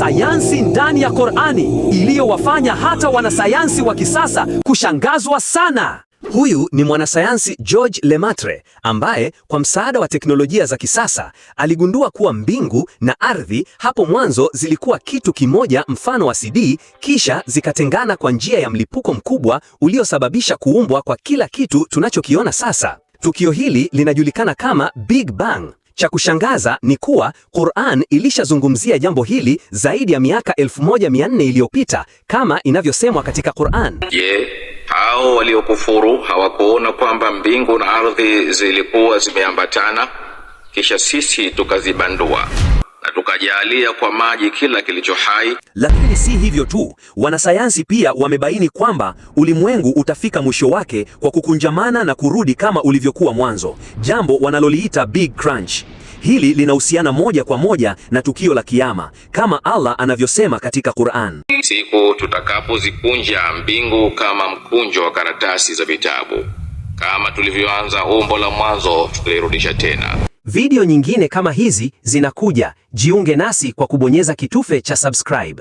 sayansi ndani ya Korani iliyowafanya hata wanasayansi wa kisasa kushangazwa sana. Huyu ni mwanasayansi George Lemaitre ambaye kwa msaada wa teknolojia za kisasa aligundua kuwa mbingu na ardhi hapo mwanzo zilikuwa kitu kimoja, mfano wa CD, kisha zikatengana kwa njia ya mlipuko mkubwa uliosababisha kuumbwa kwa kila kitu tunachokiona sasa. Tukio hili linajulikana kama Big Bang. Cha kushangaza ni kuwa Qur'an ilishazungumzia jambo hili zaidi ya miaka 1400 iliyopita kama inavyosemwa katika Qur'an. Je, hao waliokufuru hawakuona kwamba mbingu na ardhi zilikuwa zimeambatana kisha sisi tukazibandua? tukajalia kwa maji kila kilicho hai. Lakini si hivyo tu, wanasayansi pia wamebaini kwamba ulimwengu utafika mwisho wake kwa kukunjamana na kurudi kama ulivyokuwa mwanzo, jambo wanaloliita Big Crunch. Hili linahusiana moja kwa moja na tukio la kiama kama Allah anavyosema katika Qur'an, siku tutakapozikunja mbingu kama mkunjo wa karatasi za vitabu, kama tulivyoanza umbo la mwanzo tukalirudisha tena. Video nyingine kama hizi zinakuja, jiunge nasi kwa kubonyeza kitufe cha subscribe.